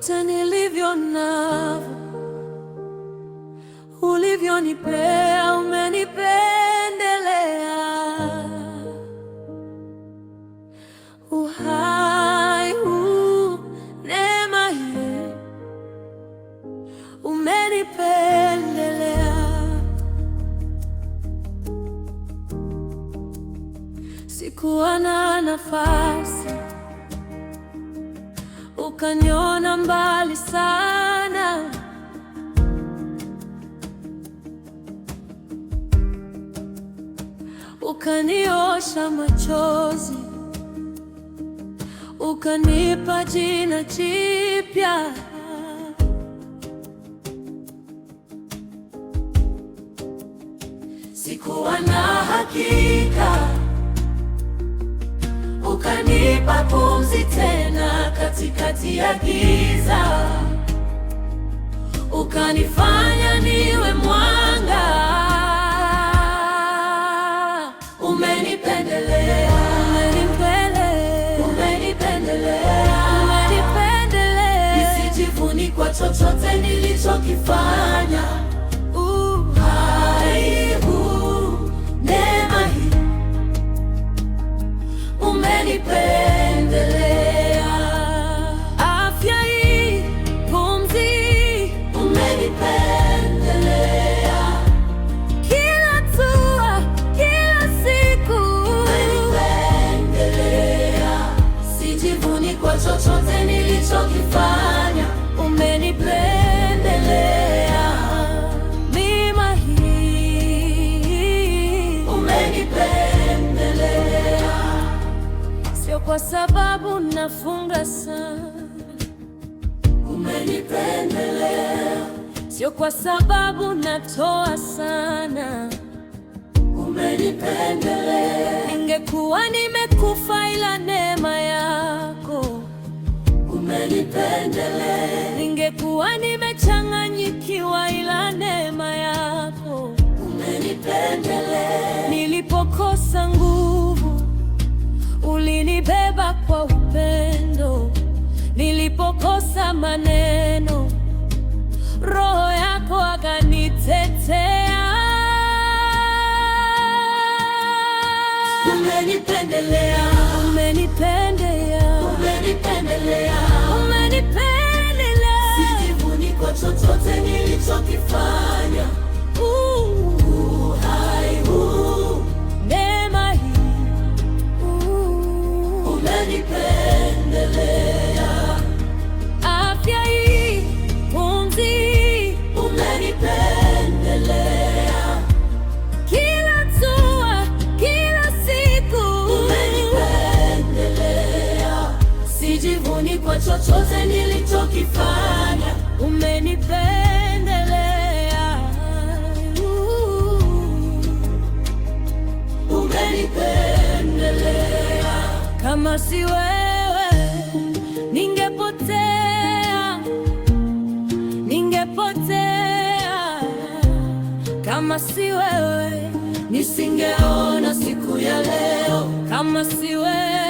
vyote nilivyo navyo, ulivyonipea umenipendelea. Uhai huu neema hii umenipendelea. Sikuwa na nafasi ukaniona mbali sana, ukaniosha machozi, ukanipa jina jipya sikuwa na hakika, ukanipa pumzi tena ya giza, ukanifanya niwe mwanga. Umenipendelea, umenipendelea, nisijivuni kwa chochote nilichokifanya. sababu nafunga sana. Umenipendelea sio kwa sababu natoa sana. Umenipendelea ningekuwa nimekufa, ila neema yako. Umenipendelea ningekuwa nimechanganyika maneno, roho yako akanitetea. Umenipendelea. mbinguni kwa chochote nilichokifanya. Umenipendelea, umenipendelea. Kama si wewe ningepotea, ningepotea. Kama si wewe nisingeona siku ya leo. Kama si wewe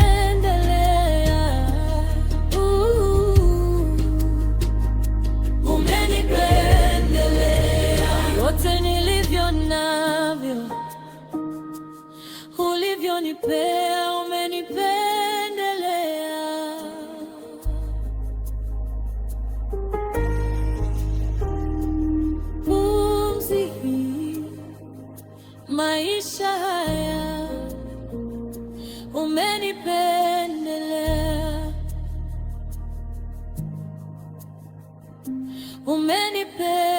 umenipea, umenipendelea. Pumzi hii, maisha haya, umenipendelea, umenipendelea.